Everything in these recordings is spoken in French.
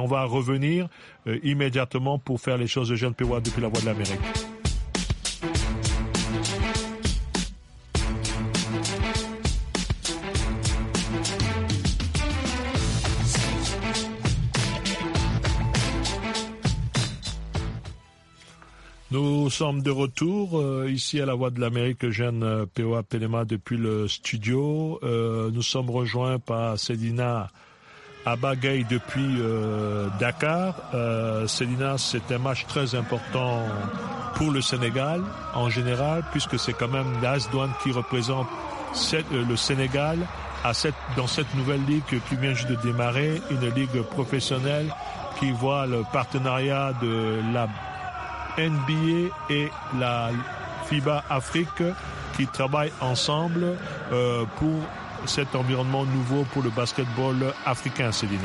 On va revenir euh, immédiatement pour faire les choses de Jeanne Péoua depuis la Voix de l'Amérique. Nous sommes de retour euh, ici à la Voix de l'Amérique, Jeanne euh, Pélois, Pelema depuis le studio. nous sommes rejoints par sedina à depuis euh, Dakar. Euh, Célina, c'est un match très important pour le Sénégal en général, puisque c'est quand même l'Asdouane qui représente euh, le Sénégal à dans cette nouvelle ligue qui vient juste de démarrer, une ligue professionnelle qui voit le partenariat de la NBA et la FIBA Afrique qui travaillent ensemble euh, pour cet environnement nouveau pour le basketball africain, Céline.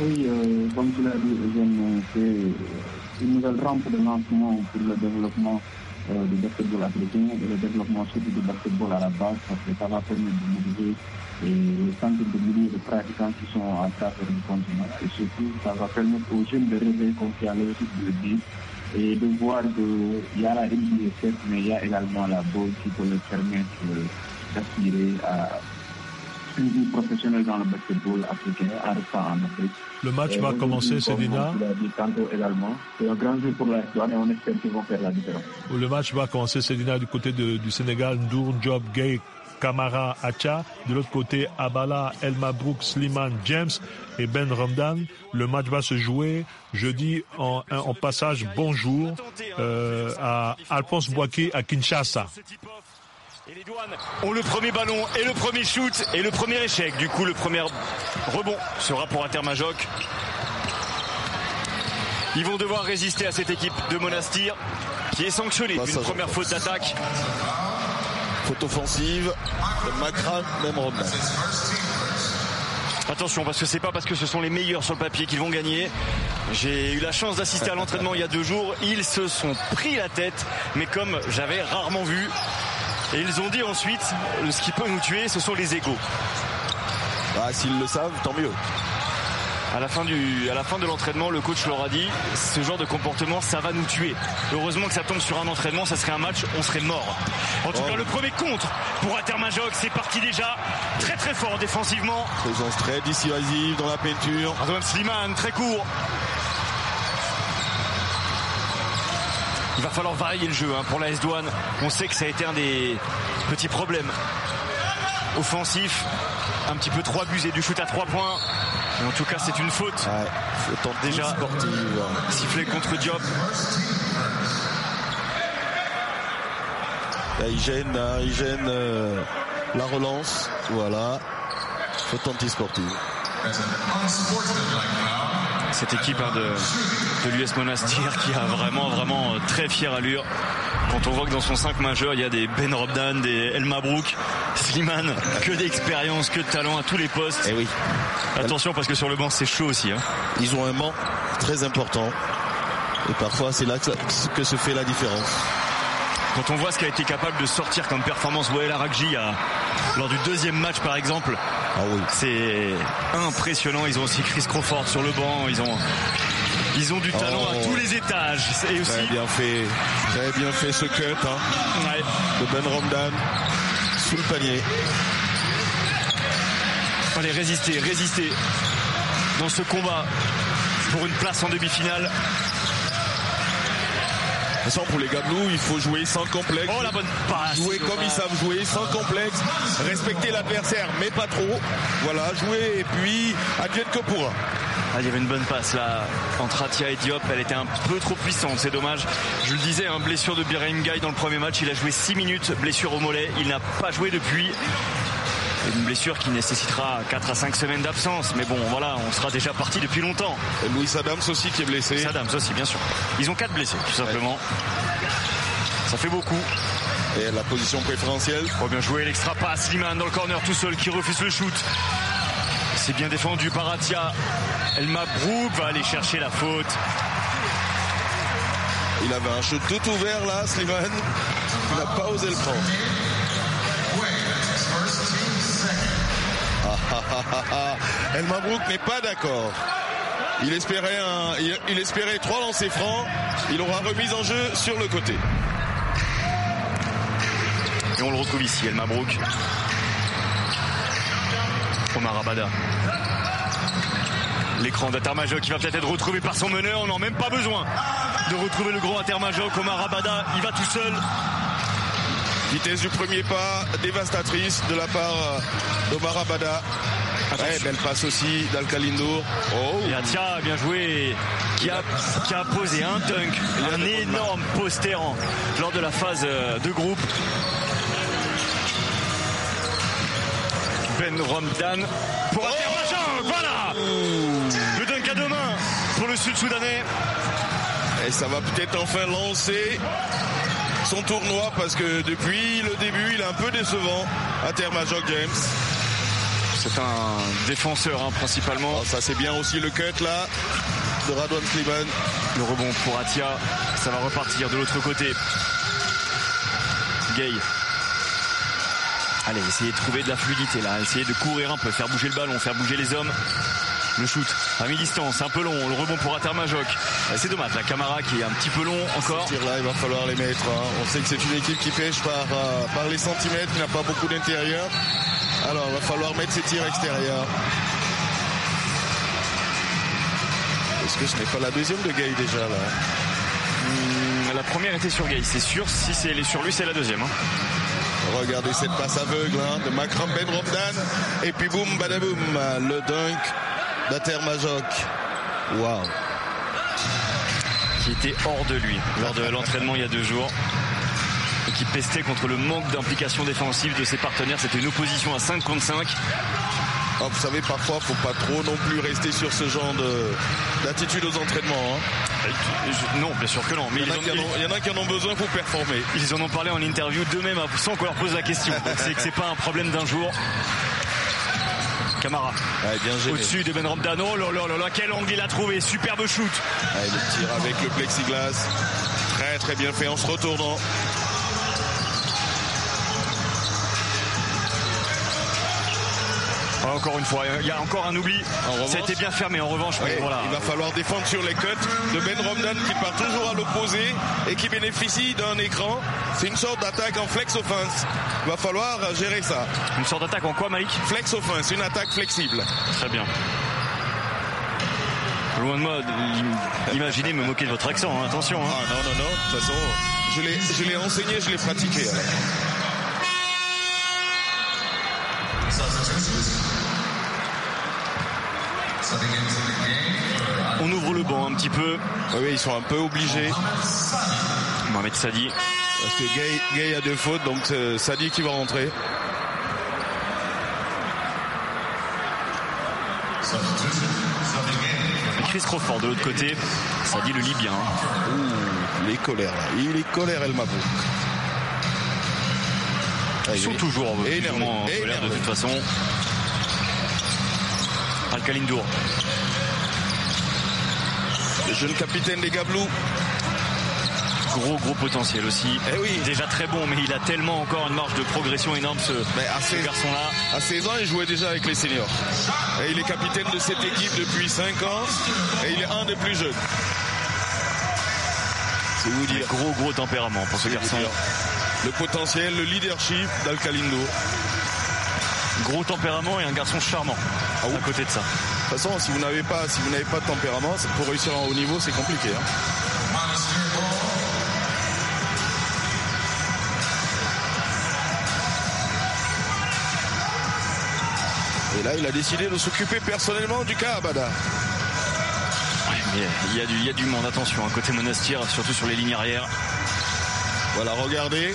Oui, euh, comme tu l'as dit, euh, c'est euh, une nouvelle rampe de lancement pour le développement du basket-ball africain et le développement surtout du basketball à la base, parce que ça va permettre de mobiliser les centaines de milliers de pratiquants qui sont à travers le continent. Et surtout, ça va permettre aux jeunes de rêver comme au à et de voir qu'il y a la NBA, mais il y a également la bourse qui peut le permettre à euh, une professionnelle dans le basketball africain euh, Le match va commencer, la Le match va commencer, Sedina, du côté de, du Sénégal, Ndour, Job, Gay, Kamara, Acha. De l'autre côté, Abala, Elma Brooks, Sliman, James et Ben Ramdan. Le match va se jouer jeudi en, en passage bonjour euh, à Alphonse Boaké à Kinshasa. Et les douanes ont le premier ballon et le premier shoot et le premier échec. Du coup, le premier rebond sera pour Intermajoc. Ils vont devoir résister à cette équipe de Monastir qui est sanctionnée d'une première faute d'attaque. Faute offensive, Macra, même Attention parce que c'est pas parce que ce sont les meilleurs sur le papier qu'ils vont gagner. J'ai eu la chance d'assister à l'entraînement il y a deux jours. Ils se sont pris la tête, mais comme j'avais rarement vu, et ils ont dit ensuite, ce qui peut nous tuer, ce sont les égaux. Bah, S'ils le savent, tant mieux. À la, fin du, à la fin de l'entraînement, le coach leur a dit ce genre de comportement, ça va nous tuer. Heureusement que ça tombe sur un entraînement, ça serait un match, on serait mort. En tout oh. cas, le premier contre pour Atermajok, c'est parti déjà très très fort défensivement. Présence très dissuasive dans la peinture. Adam Sliman, très court. il va falloir varier le jeu hein. pour la S-Douane. On sait que ça a été un des petits problèmes offensif Un petit peu trop abusé du shoot à trois points. Mais en tout cas, c'est une faute. faut déjà sportive. Hein. sifflé contre Diop. il gêne, euh, la relance. Voilà. Faut anti-sportive. Cette équipe a hein, de, de l'US Monastir qui a vraiment vraiment euh, très fière allure. Quand on voit que dans son 5 majeur, il y a des Ben Robdan, des Elma Brook Slimane, que d'expérience, que de talent à tous les postes. Et eh oui. Attention parce que sur le banc c'est chaud aussi. Hein. Ils ont un banc très important. Et parfois c'est là que se fait la différence quand on voit ce qu'a été capable de sortir comme performance Wael Arakji euh, lors du deuxième match par exemple, ah c'est impressionnant. Ils ont aussi Chris Crawford sur le banc, ils ont ils ont du talent à oh. tous les étages. aussi... Très bien fait, très bien fait ce cut hein. de Ben Romdan sous le panier. Allez, résister, résister dans ce combat pour une place en demi-finale. De toute façon, pour les nous il faut jouer sans complexe. Oh, la bonne passe. Jouer comme ils savent jouer, sans complexe. Respecter l'adversaire, mais pas trop. Voilà, jouer et puis adieu que ah, il y avait une bonne passe là entre Atia et Diop. Elle était un peu trop puissante, c'est dommage. Je le disais, hein, blessure de Birem Guy dans le premier match. Il a joué 6 minutes, blessure au mollet. Il n'a pas joué depuis. Une blessure qui nécessitera 4 à 5 semaines d'absence. Mais bon, voilà, on sera déjà parti depuis longtemps. Et Louis Adams aussi qui est blessé. Adams aussi, bien sûr. Ils ont 4 blessés, tout simplement. Ça fait beaucoup. Et la position préférentielle. Oh, bien joué, l'extra passe. Liman dans le corner tout seul qui refuse le shoot. C'est bien défendu par Atia. El Mabrouk va aller chercher la faute. Il avait un jeu tout ouvert là, Sliman. Il n'a pas osé le prendre. El Mabrouk n'est pas d'accord. Il espérait, espérait trois lancers francs. Il aura remise en jeu sur le côté. Et on le retrouve ici, El Mabrouk. Omar Abada L'écran d'Atermajoc qui va peut-être être retrouvé par son meneur. On n'en a même pas besoin de retrouver le gros Atermajo. Omar Abada il va tout seul. Vitesse du premier pas, dévastatrice de la part euh, d'Omar Abada. belle passe aussi d'Alcalindo. Oh. Et Atia, bien joué, qui a, qui a posé un dunk, un énorme poster lors de la phase euh, de groupe. Romdan pour oh Voilà Le dunk à deux mains pour le Sud-Soudanais. Et ça va peut-être enfin lancer son tournoi parce que depuis le début, il est un peu décevant à Major James. C'est un défenseur hein, principalement. Ah, ça c'est bien aussi le cut là de Radwan Sliman. Le rebond pour Atia, ça va repartir de l'autre côté. Gay Allez, essayez de trouver de la fluidité là, essayez de courir un peu, faire bouger le ballon, faire bouger les hommes. Le shoot à mi-distance, un peu long, le rebond pour Atermajoc. C'est dommage, la Camara qui est un petit peu long encore. Ces là il va falloir les mettre. Hein. On sait que c'est une équipe qui pêche par, euh, par les centimètres, qui n'a pas beaucoup d'intérieur. Alors, il va falloir mettre ses tirs extérieurs. Est-ce que ce n'est pas la deuxième de Gay déjà là hmm, La première était sur Gay, c'est sûr. Si c'est sur lui, c'est la deuxième. Hein. Regardez cette passe aveugle hein, de Macron Ben Robdan. Et puis boum, badaboum, le dunk d'Ater Majok. Waouh. Qui était hors de lui lors de l'entraînement il y a deux jours. Et qui pestait contre le manque d'implication défensive de ses partenaires. C'était une opposition à 5 contre 5. Ah, vous savez, parfois, faut pas trop non plus rester sur ce genre d'attitude aux entraînements. Hein. Euh, non, bien sûr que non. Mais il y, en, a qui en ont besoin pour performer. Ils en ont parlé en interview d'eux-mêmes hein, sans qu'on leur pose la question. C'est que c'est pas un problème d'un jour. Camara. Au-dessus de Ben Ramdano. quel angle il a trouvé. Superbe shoot. Il le avec le plexiglas. Très très bien fait en se retournant. encore une fois. Il y a encore un oubli. ça a été bien fermé en revanche. Il va falloir défendre sur les cuts de Ben Romdan qui part toujours à l'opposé et qui bénéficie d'un écran. C'est une sorte d'attaque en flex offense. Il va falloir gérer ça. Une sorte d'attaque en quoi Malik Flex offense, une attaque flexible. Très bien. Loin de moi, imaginez me moquer de votre accent, hein. attention. Hein. Ah non, non, non, de toute façon, je l'ai enseigné, je l'ai pratiqué. petit peu. oui, ils sont un peu obligés. Mohamed Sadi. Parce que Gay, a deux fautes, donc c'est Sadi qui va rentrer. Chris Crawford de l'autre côté, Sadi le Libyen. bien il est colère là. Il est colère El Mabou. Ah, ils sont toujours euh, énormément colère de toute façon. Dour le jeune capitaine des Gablous. Gros gros potentiel aussi. Eh oui. Déjà très bon, mais il a tellement encore une marge de progression énorme ce, garçon-là. À 16 ans, il jouait déjà avec les seniors. Et il est capitaine de cette équipe depuis 5 ans. Et il est un des plus jeunes. C'est vous dire. Gros gros tempérament pour ce garçon. Le potentiel, le leadership d'Alcalindo. Gros tempérament et un garçon charmant ah à côté de ça. De toute façon, si vous n'avez pas, si pas de tempérament, pour réussir en haut niveau, c'est compliqué. Hein. Et là, il a décidé de s'occuper personnellement du cas Abada. il, y a du, y, a du monde, attention, hein, côté Monastir, surtout sur les lignes arrières. Voilà, regardez.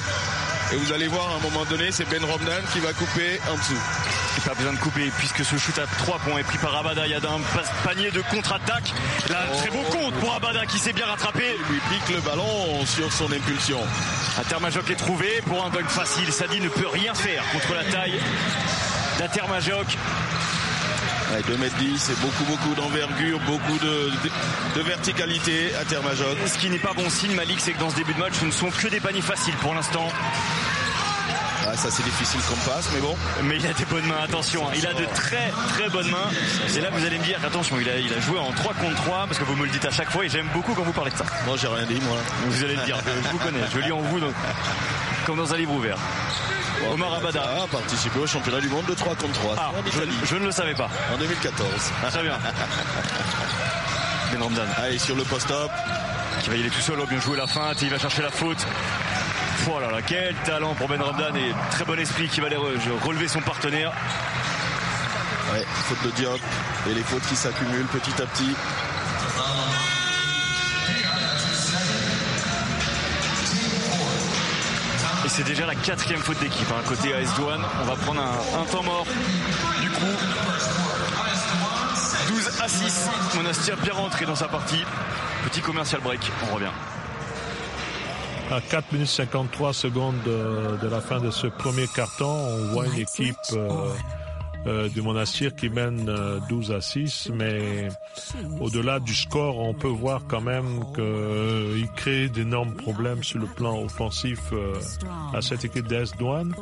Et vous allez voir à un moment donné, c'est Ben Romdan qui va couper en dessous a pas besoin de couper puisque ce shoot à 3 points est pris par Abada. Il y a un panier de contre-attaque. Là, très beau oh. compte pour Abada qui s'est bien rattrapé. Il lui pique le ballon sur son impulsion. Atermajoc est trouvé pour un dunk facile. Sadi ne peut rien faire contre la taille d'Atermajoc. 2m10, c'est beaucoup beaucoup d'envergure, beaucoup de, verticalité à Termajoc. Ce qui n'est pas bon signe Malik, c'est que dans ce début de match, ce ne sont que des paniers faciles pour l'instant ça c'est difficile qu'on passe, mais bon. Mais il a des bonnes mains, attention, hein. il a de très très bonnes mains. Et là vous allez me dire, attention, il a, joué en 3 contre 3 parce que vous me le dites à chaque fois et j'aime beaucoup quand vous parlez de ça. Moi j'ai rien dit moi. Vous allez me dire, je vous connais, je lis en vous donc, comme dans un livre ouvert. Omar Abada a participé au championnat du monde de 3 contre 3. Ah, je, ne le savais pas. En 2014. Très bien. Ben Allez, sur le post op il va y aller tout seul, va oh, bien jouer la feinte, il va chercher la faute. Oh là quel talent pour Ben Ramdan et très bon esprit qui va aller relever son partenaire. Ouais, faute de Diop et les fautes qui s'accumulent petit à petit. Et c'est déjà la quatrième faute d'équipe. à hein, Côté AS 1 on va prendre un, temps mort. Du coup, 12 à 6. Monastir bien rentré dans sa partie. Petit commercial break, on revient à 4 minutes 53 secondes euh, de, la fin de ce premier carton, on voit une équipe... Euh, de Monastir qui mène 12 euh, à 6, mais au-delà du score, on peut voir quand même qu'il euh, crée d'énormes problèmes sur le plan offensif à cette équipe d'Est douane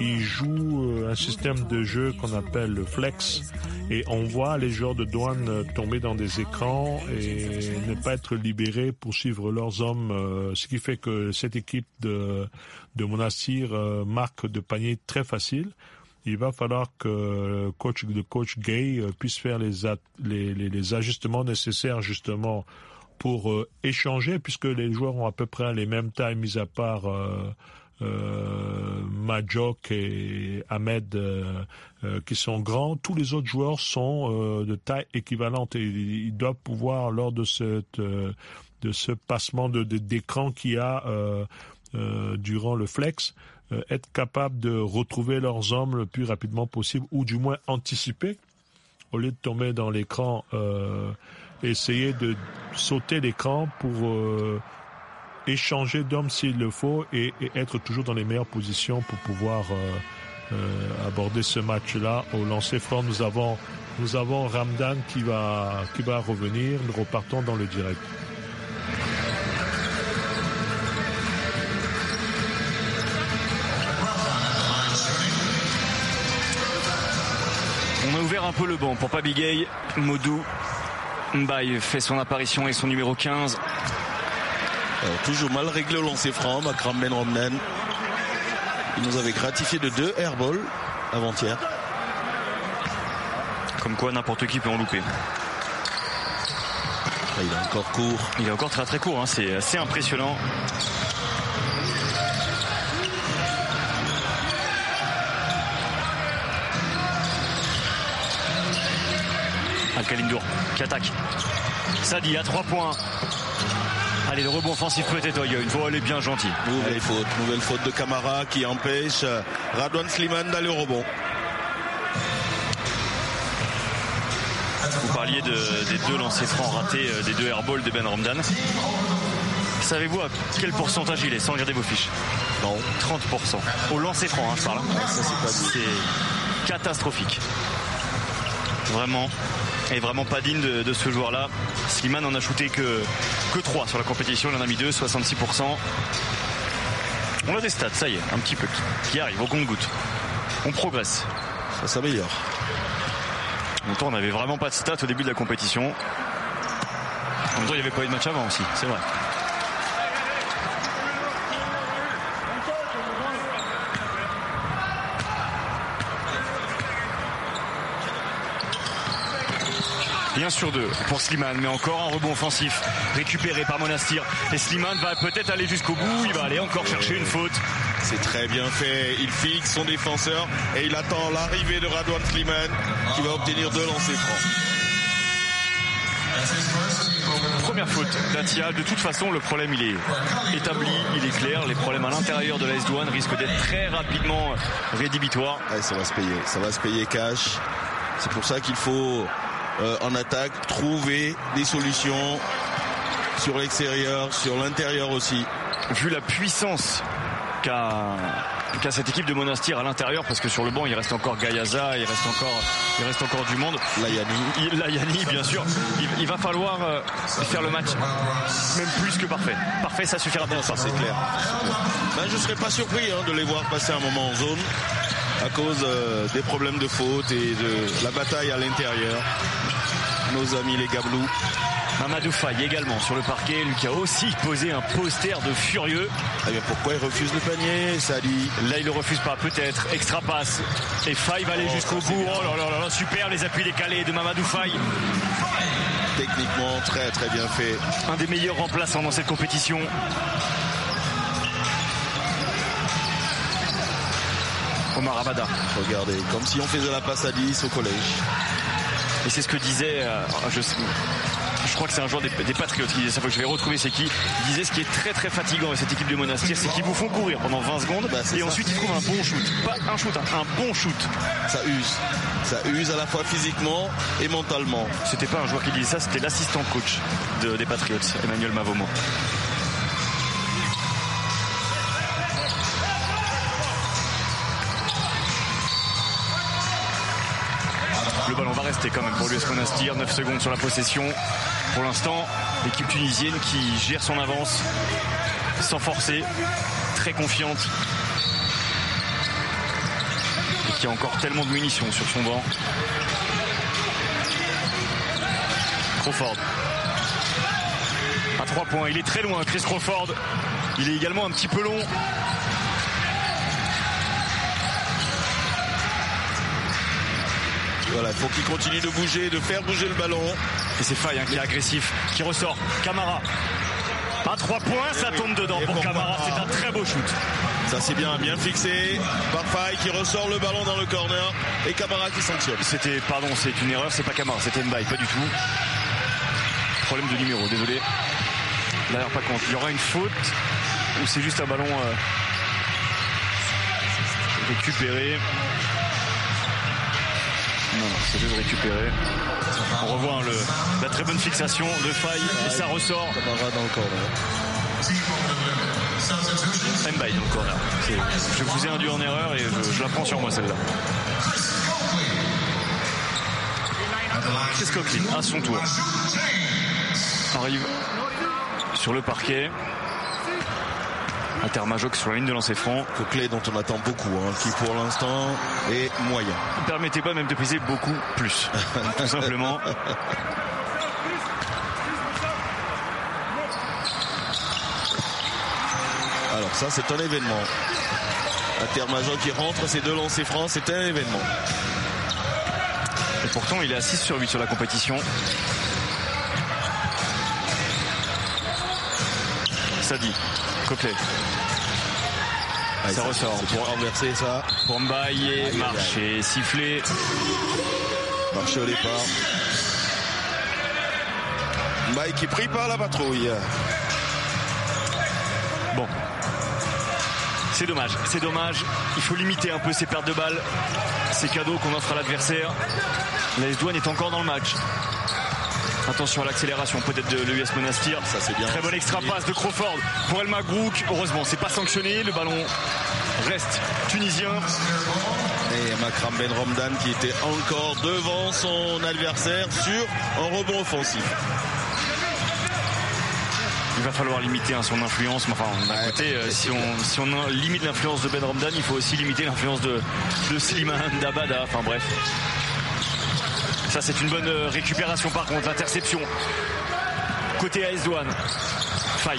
Il joue un système de jeu qu'on appelle le flex et on voit les joueurs de douane tomber dans des écrans et ne pas être libérés pour suivre leurs hommes, ce qui fait que cette équipe de, de Monastir marque de panier très facile il va falloir que le coach, le coach Gay euh, puisse faire les, les, les, ajustements nécessaires justement pour euh, échanger, puisque les joueurs ont à peu près les mêmes tailles, mis à part euh, euh Majok et Ahmed, qui sont grands. Tous les autres joueurs sont de taille équivalente et ils doivent pouvoir, lors de, cette, de ce passement d'écran de, de, qu'il y a durant le flex, euh, être capables de retrouver leurs hommes le plus rapidement possible, ou du moins anticiper, au lieu de tomber dans l'écran, euh, essayer de sauter l'écran pour euh, échanger d'hommes s'il le faut et, être toujours dans les meilleures positions pour pouvoir aborder ce match-là. Au lancer franc, nous avons, nous avons Ramdan qui va, qui va revenir. Nous repartons dans le direct. un peu le bon pour gay Modou Mbaye fait son apparition et son numéro 15. Euh, toujours mal réglé au lancer franc, Makram Romnen Il nous avait gratifié de deux airballs avant-hier. Comme quoi n'importe qui peut en louper. Ah, il est encore court. Il est encore très très court, hein. c'est assez impressionnant. Kalindour qui attaque. Sadi à 3 points. Allez, le rebond offensif peut-être une fois elle bien gentil. Nouvelle faute, nouvelle faute de Camara qui empêche euh, Radwan Sliman d'aller au rebond. Vous parliez des deux lancers francs ratés, euh, des deux airballs de Ben Romdan. Savez-vous à quel pourcentage il est sans regarder vos fiches Non. 30%. Au lancer franc, hein, je parle c'est catastrophique vraiment, est vraiment pas digne de, ce joueur-là. Slimane en a shooté que, que 3 sur la compétition, il en a mis 2, 66%. On a des stats, ça y est, un petit peu, qui, arrive au compte-goutte. On progresse. Ça s'améliore. en temps on n'avait vraiment pas de stats au début de la compétition. En même temps, il n'y avait pas eu de match avant aussi, c'est vrai. bien sûr deux pour Slimane, mais encore un rebond offensif récupéré par Monastir. Et Slimane va peut-être aller jusqu'au bout, il va aller encore chercher une faute. C'est très bien fait, il fixe son défenseur et il attend l'arrivée de Radwan Slimane qui va obtenir deux lancers francs. Première faute d'Atia. De toute façon, le problème il est établi, il est clair. Les problèmes à l'intérieur de la S-Douane risquent d'être très rapidement rédhibitoires. Ah, ça va se payer, ça va se payer cash. C'est pour ça qu'il faut euh, en attaque, trouver des solutions sur l'extérieur, sur l'intérieur aussi. Vu la puissance qu'a cette équipe de Monastir à l'intérieur, parce que sur le banc il reste encore Gayaza, il reste encore, il reste encore du monde. Layani. bien sûr. Il, va falloir euh, faire le match même plus que parfait. Parfait, ça suffira bien. Ça, c'est clair. Ben, je ne serais pas surpris hein, de les voir passer un moment en zone à cause euh, des problèmes de faute et de la bataille à l'intérieur. Nos amis les Gablous. Mamadou Faye également sur le parquet. lui qui a aussi posé un poster de furieux. Eh pourquoi il refuse le panier, Là, il le refuse pas, peut-être. Extra passe. Et Fay va aller oh, jusqu'au bout. Oh là là là, super les appuis décalés de Mamadou Faye techniquement très très bien fait. Un des meilleurs remplaçants dans cette compétition. Omar Rabada. Regardez, comme si on faisait la passe à 10 au collège. Et c'est ce que disait, euh, je, crois que c'est un joueur des, Patriotes qui disait ça, faut que je vais retrouver c'est qui, il disait ce qui est très très fatigant avec cette équipe de Monastir, c'est qu'ils vous font courir pendant 20 secondes bah, et ensuite ils trouvent un bon shoot. Pas un shoot, hein, un, bon shoot. Ça use. Ça use à la fois physiquement et mentalement. C'était pas un joueur qui disait ça, c'était l'assistant coach des Patriots, Emmanuel Mavomo. Le ballon va rester quand même pour a Monastir. 9 secondes sur la possession. Pour l'instant, l'équipe tunisienne qui gère son avance sans forcer, très confiante. Et qui a encore tellement de munitions sur son banc. Crawford. À 3 points. Il est très loin, Chris Crawford. Il est également un petit peu long. Voilà, faut qu'il continue de bouger, de faire bouger le ballon. Et c'est Fay hein, qui est agressif, qui ressort. Camara. À trois points, ça eh tombe dedans pour Camara. C'est un très beau shoot. Ça c'est bien, bien fixé. par Fay qui ressort le ballon dans le corner et Camara qui sanctionne. C'était, pardon, c'est une erreur, c'est pas Camara, c'était Mbaye, pas du tout. Problème de numéro, désolé. D'ailleurs pas compte. Il y aura une faute ou c'est juste un ballon euh, récupéré. Non, c'est juste récupérer On revoit hein, la très bonne fixation de Faille et ça ressort. dans le corner. Mbaye dans le corner. Je vous ai induit en erreur et je, la prends sur moi celle-là. Chris Coquelin à son tour arrive sur le parquet. Intermajoc sur la ligne de lancer franc. clé dont on attend beaucoup, hein, qui pour l'instant est moyen. Ne permettez pas même de peser beaucoup plus. tout simplement. Alors ça c'est un événement. Intermajoc qui rentre, ces deux lancers francs, c'est un événement. Et pourtant il est à 6 sur 8 sur la compétition. dit Coquelet. ça, ressort. Pour renverser ça. Pour Mbaye, marcher, siffler. Marcher au départ. Mbaye qui est pris par la patrouille. Bon. C'est dommage, c'est dommage. Il faut limiter un peu ces pertes de balles, ces cadeaux qu'on offre à l'adversaire. La douane est encore dans le match. Attention à l'accélération peut-être de l'US Monastir. Ça c'est bien. Très bonne extra passe de Crawford pour El Magrouk. Heureusement, c'est pas sanctionné. Le ballon reste tunisien. Et Makram Ben Romdan qui était encore devant son adversaire sur un rebond offensif. Il va falloir limiter hein, son influence. Enfin, d'un côté, euh, si, on, limite l'influence de Ben Romdan, il faut aussi limiter l'influence de, de Slimane Dabada. Enfin bref. Ça, c'est une bonne euh, récupération par contre. L'interception. Côté AS Faille.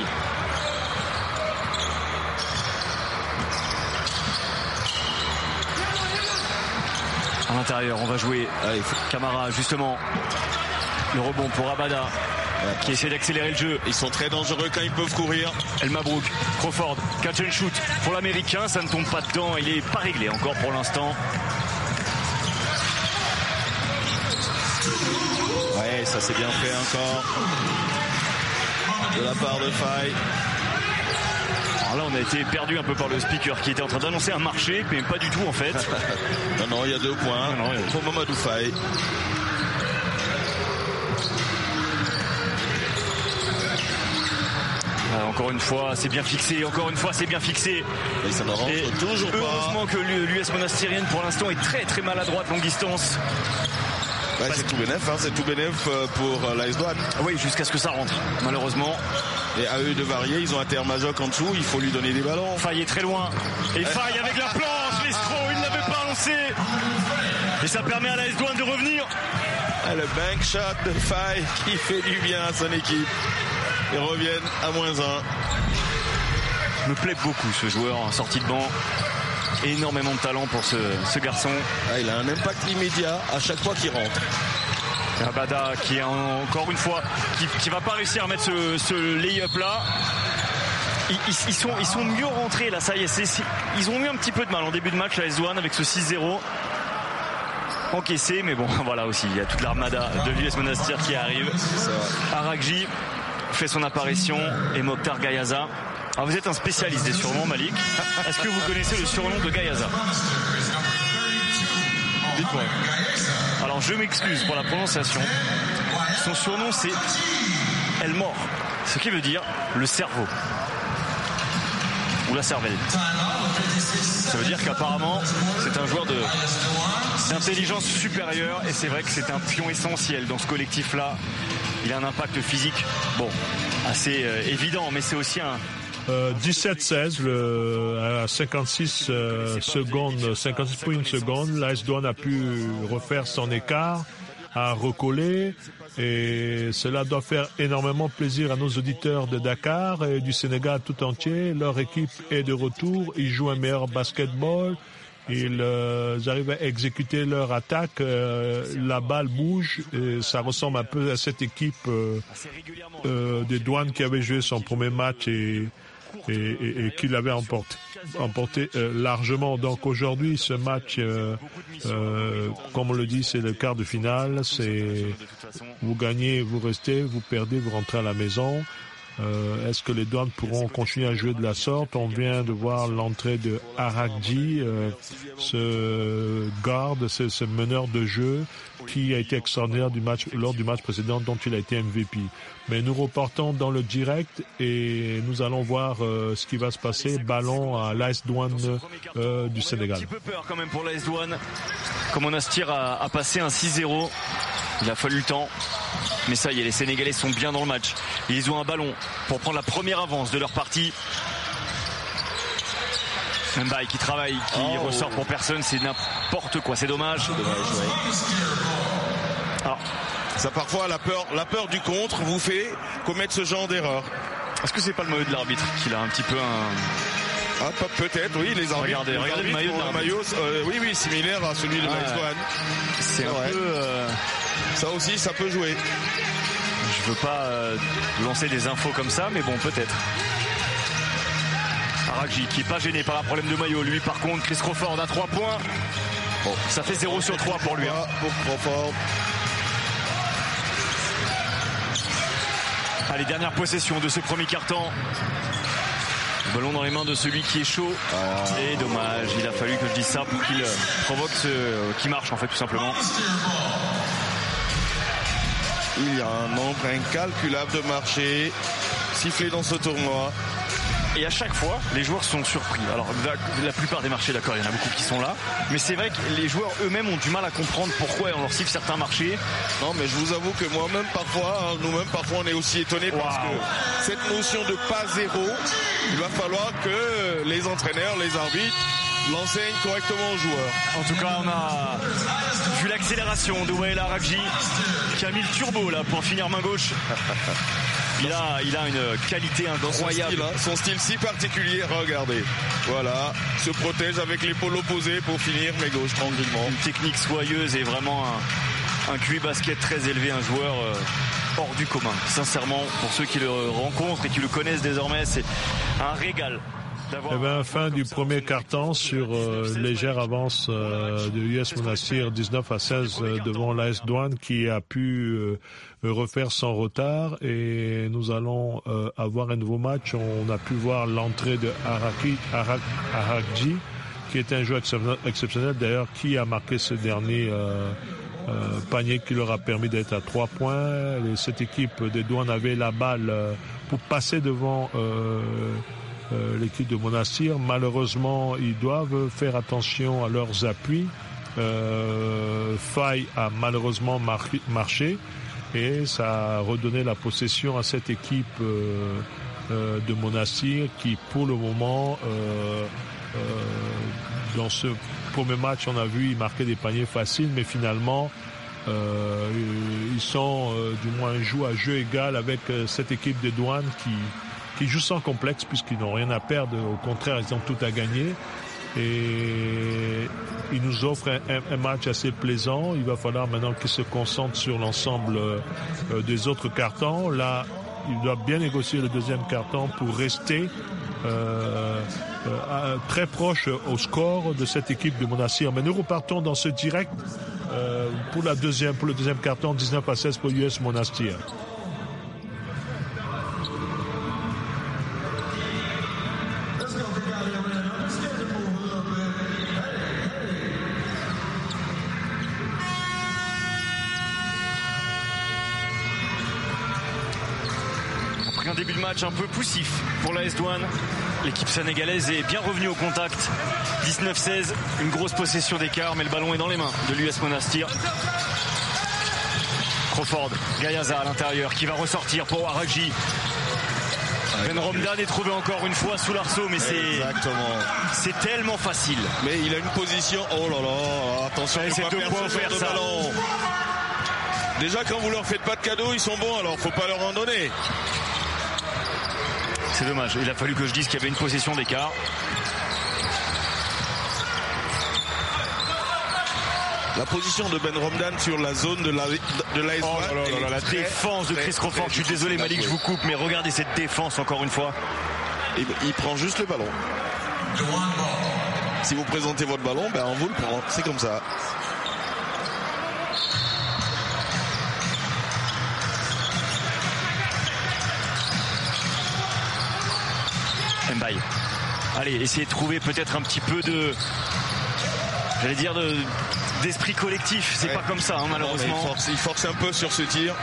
À l'intérieur, on va jouer. avec Camara, justement. Le rebond pour Abada qui essaie d'accélérer le jeu. Ils sont très dangereux quand ils peuvent courir. El Mabrouk, Crawford, catch and shoot pour l'américain, ça ne tombe pas dedans, il n'est pas réglé encore pour l'instant. ça c'est bien fait encore. De la part de Faye. Alors là, on a été perdu un peu par le speaker qui était en train d'annoncer un marché, mais pas du tout en fait. non, non, il y a deux points pour Mamadou Faye. Ah, encore une fois, c'est bien fixé. Encore une fois, c'est bien fixé. Et ça ne rentre toujours heureusement pas. Heureusement que l'US Monastirienne, pour l'instant, est très très maladroite longue distance c'est tout bénef, hein, c'est tout bénef euh, pour euh, l'AS Douane. Oui, jusqu'à ce que ça rentre, malheureusement. Et à eux de varier, ils ont un Termajoc en dessous, il faut lui donner des ballons. Faille est très loin. Et Faille avec la planche, l'escroc, il n'avait pas lancé. Et ça permet à l'AS Douane de revenir. Ah, le bank shot de Faille qui fait du bien à son équipe. Ils reviennent à moins 1. Me plaît beaucoup ce joueur en sortie de banc énormément de talent pour ce, garçon. Ah, il a un impact immédiat à chaque fois qu'il rentre. Abada qui est encore une fois qui, qui va pas réussir à mettre ce, ce lay-up là. Ils, sont, ils sont mieux rentrés là, ça y est, Ils ont eu un petit peu de mal en début de match la S1 avec ce 6-0 encaissé, mais bon, voilà aussi, il y a toute l'armada de l'US Monastir qui arrive. Aragji fait son apparition et Mokhtar Gayaza alors vous êtes un spécialiste des surnoms, Malik. Est-ce que vous connaissez le surnom de Gaïaza Dites-moi. Alors je m'excuse pour la prononciation. Son surnom c'est El Mort, ce qui veut dire le cerveau ou la cervelle. Ça veut dire qu'apparemment c'est un joueur de d'intelligence supérieure et c'est vrai que c'est un pion essentiel dans ce collectif là. Il a un impact physique, bon, assez euh, évident, mais c'est aussi un, 17-16 euh, le, euh, à 56 euh, secondes, 56 points une seconde, l'AS Douane a pu refaire son écart, a recollé et cela doit faire énormément plaisir à nos auditeurs de Dakar et du Sénégal tout entier. Leur équipe est de retour, ils jouent un meilleur basketball, ils arrivent à exécuter leur attaque, la balle bouge, et ça ressemble un peu à cette équipe euh, des douanes qui avait joué son premier match et et, et, qui emporté, emporté euh, largement. Donc aujourd'hui, ce match, euh, euh, comme on le dit, c'est le quart de finale. C'est vous gagnez, vous restez, vous perdez, vous rentrez à la maison. Est-ce que les douanes pourront continuer à jouer de la sorte On vient de voir l'entrée de Aragdi, ce garde, ce, meneur de jeu qui a été extraordinaire lors du match précédent dont il a été MVP. Mais nous reportons dans le direct et nous allons voir euh, ce qui va se passer. Ballon à l'AS Douane euh, du Sénégal. peur quand même pour Comme on a ce à, à passer un 6-0, il a fallu le temps. Mais ça y est, les Sénégalais sont bien dans le match. Ils ont un ballon pour prendre la première avance de leur partie bail qui travaille, qui oh. ressort pour personne, c'est n'importe quoi, c'est dommage. ça parfois la peur, la peur du contre vous fait commettre ce genre d'erreur. Est-ce que c'est pas le maillot de l'arbitre qui a un petit peu un. Ah, peut-être, oui, les arbitres. Regardez, regardez le maillot. Euh, oui, oui, similaire à celui de ah, C'est un peu. Euh, ça aussi, ça peut jouer. Je veux pas euh, lancer des infos comme ça, mais bon, peut-être qui est pas gêné par un problème de maillot. Lui par contre, Chris Crawford a 3 points. Bon. Ça fait 0 sur 3 pour lui. Hein. Allez, dernière possession de ce premier carton. Ballon dans les mains de celui qui est chaud. Ah. Et dommage, il a fallu que je dise ça pour qu'il euh, provoque ce euh, qui marche en fait tout simplement. Il y a un nombre incalculable de marchés sifflés dans ce tournoi. Et à chaque fois, les joueurs sont surpris. Alors, la, plupart des marchés, d'accord, il y en a beaucoup qui sont là. Mais c'est vrai que les joueurs eux-mêmes ont du mal à comprendre pourquoi on leur siffle certains marchés. Non, mais je vous avoue que moi-même, parfois, hein, nous-mêmes, parfois, on est aussi étonnés parce que cette notion de pas zéro, il va falloir que les entraîneurs, les arbitres, l'enseignent correctement aux joueurs. En tout cas, on a vu l'accélération de Wael Ragji qui a mis le turbo là pour finir main gauche. Il a, une qualité incroyable. Hein. Son style, si particulier, regardez. Voilà, se protège avec l'épaule opposée pour finir, mais gauche tranquillement. Une technique soyeuse et vraiment un, un QI basket très élevé, un joueur euh, hors du commun. Sincèrement, pour ceux qui le rencontrent et qui le connaissent désormais, c'est un régal. Eh ben, fin du premier carton sur euh, légère avance euh, de l'US Monastir 19 à 16 euh, devant l'AS Douane qui a pu refaire son retard et nous allons avoir un nouveau match. On a pu voir l'entrée de Arakji qui est un joueur exceptionnel d'ailleurs qui a marqué ce dernier panier qui leur a permis d'être à trois points. Cette équipe des Douanes avait la balle pour passer devant euh, l'équipe de Monastir. Malheureusement, ils doivent faire attention à leurs appuis. Euh, Faille a malheureusement marché et ça a redonné la possession à cette équipe euh, euh, de Monastir qui pour le moment dans ce premier match on a vu ils marquaient des paniers faciles mais finalement ils sont du moins joués à jeu égal avec cette équipe de Douanes qui, qui jouent sans complexe puisqu'ils n'ont rien à perdre. Au contraire, ils ont tout à gagner. Et ils nous offrent un, match assez plaisant. Il va falloir maintenant qu'ils se concentrent sur l'ensemble euh, des autres cartons. Là, ils doivent bien négocier le deuxième carton pour rester euh, euh, très proche au score de cette équipe de Monastir. Mais nous repartons dans ce direct pour, la deuxième, pour le deuxième carton 19 à 16 pour US Monastir. un peu poussif pour la S-Douane. L'équipe sénégalaise est bien revenue au contact. 19-16, une grosse possession d'écart, mais le ballon est dans les mains de l'US Monastir. Crawford, Gayaza à l'intérieur, qui va ressortir pour Araji. Ben Romdan est trouvé encore une fois sous l'arceau, mais c'est c'est tellement facile. Mais il a une position. Oh là là, attention. c'est deux points ça Déjà, quand vous leur faites pas de cadeaux, ils sont bons, alors faut pas leur en donner. C'est dommage. Il a fallu que je dise qu'il y avait une possession d'écart. La position de Ben Romdan sur la zone de la de la, oh défense de Chris Crawford. Je suis désolé Malik, je vous coupe, mais regardez cette défense encore une fois. Il, prend juste le ballon. Si vous présentez votre ballon, ben on vous le prend. C'est comme ça. allez, essayer de trouver peut-être un petit peu de, j'allais dire, d'esprit collectif. C'est pas comme ça, hein, malheureusement. il, force, un peu sur ce tir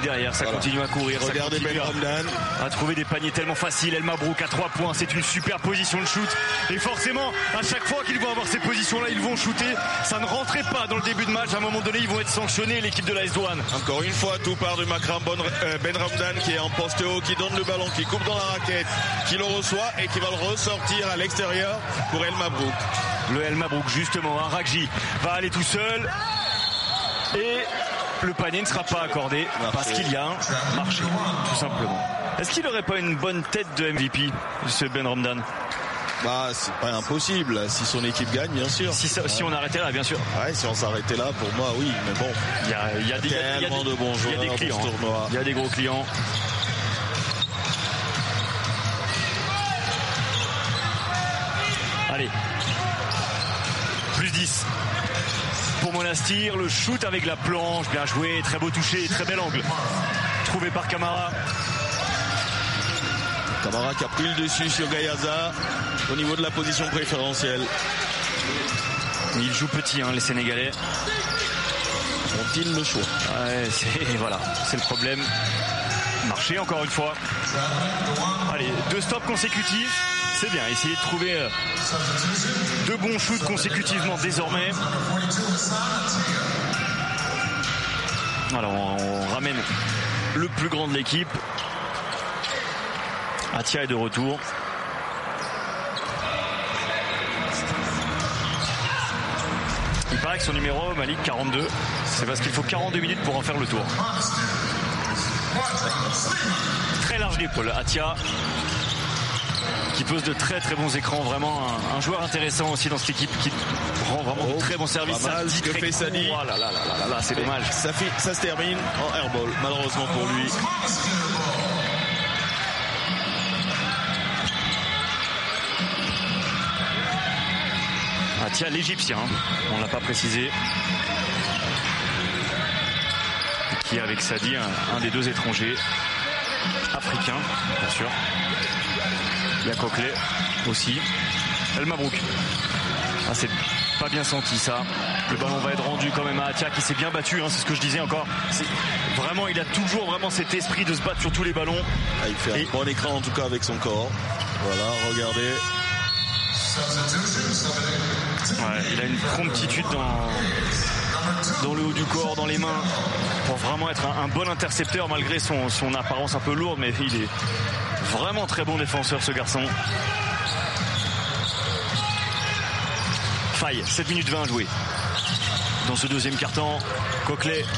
derrière, ça continue à courir. Regardez Ben à, a trouver des paniers tellement faciles. El Mabrouk à 3 points. C'est une super position de shoot. Et forcément, à chaque fois qu'ils vont avoir ces positions-là, ils vont shooter. Ça ne rentrait pas dans le début de match. À un moment donné, ils vont être sanctionnés, l'équipe de la S-Douane. Encore une fois, tout part du Macron euh, Ben Ramdan qui est en poste haut, qui donne le ballon, qui coupe dans la raquette, qui le reçoit et qui va le ressortir à l'extérieur pour El Mabrouk. Le El Mabrouk, justement, hein, Raji va aller tout seul. Et le panier ne sera pas accordé parce qu'il y a un marché, tout simplement. Est-ce qu'il n'aurait pas une bonne tête de MVP, M. Ben Romdan bah, c'est pas impossible. Si son équipe gagne, bien sûr. Si, on arrêtait là, bien sûr. Ouais, si on s'arrêtait là, pour moi, oui. Mais bon, il y a, des, tellement de bons Il y a des clients. Hein. Il y a des gros clients. Allez. Plus 10 le shoot avec la planche, bien joué, très beau toucher, très bel angle. Trouvé par Camara. Camara qui a pris le dessus sur Gayaza au niveau de la position préférentielle. Il joue petit, hein, les Sénégalais. on ils le choix c'est, Voilà, c'est le problème. marcher encore une fois. Allez, deux stops consécutifs. C'est bien, essayer de trouver euh, deux bons shoots consécutivement désormais. Alors on ramène le plus grand de l'équipe. Atia est de retour. Il paraît que son numéro, Malik, 42. C'est parce qu'il faut 42 minutes pour en faire le tour. Très large l'épaule. Atia qui pose de très très bons écrans. Vraiment un, joueur intéressant aussi dans cette équipe qui rend vraiment de oh, très bons services. à que fait oh là là là là, c'est dommage. Ça, ça se termine en airball, malheureusement pour lui. Ah tiens, l'Égyptien, hein. on ne l'a pas précisé. Qui avec Sadi, un des deux étrangers africains, bien sûr. Il y aussi. El Mabrouk. Ah, c'est pas bien senti ça. Le ballon va être rendu quand même à Atia qui s'est bien battu, hein, c'est ce que je disais encore. Vraiment, il a toujours vraiment cet esprit de se battre sur tous les ballons. Ah, il fait un bon écran en tout cas avec son corps. Voilà, regardez. il a une promptitude dans, le haut du corps, dans les mains, pour vraiment être un, bon intercepteur malgré son, son apparence un peu lourde, mais il est, Vraiment très bon défenseur ce garçon. Faille, 7 minutes 20 à jouer. Dans ce deuxième carton, Coquelet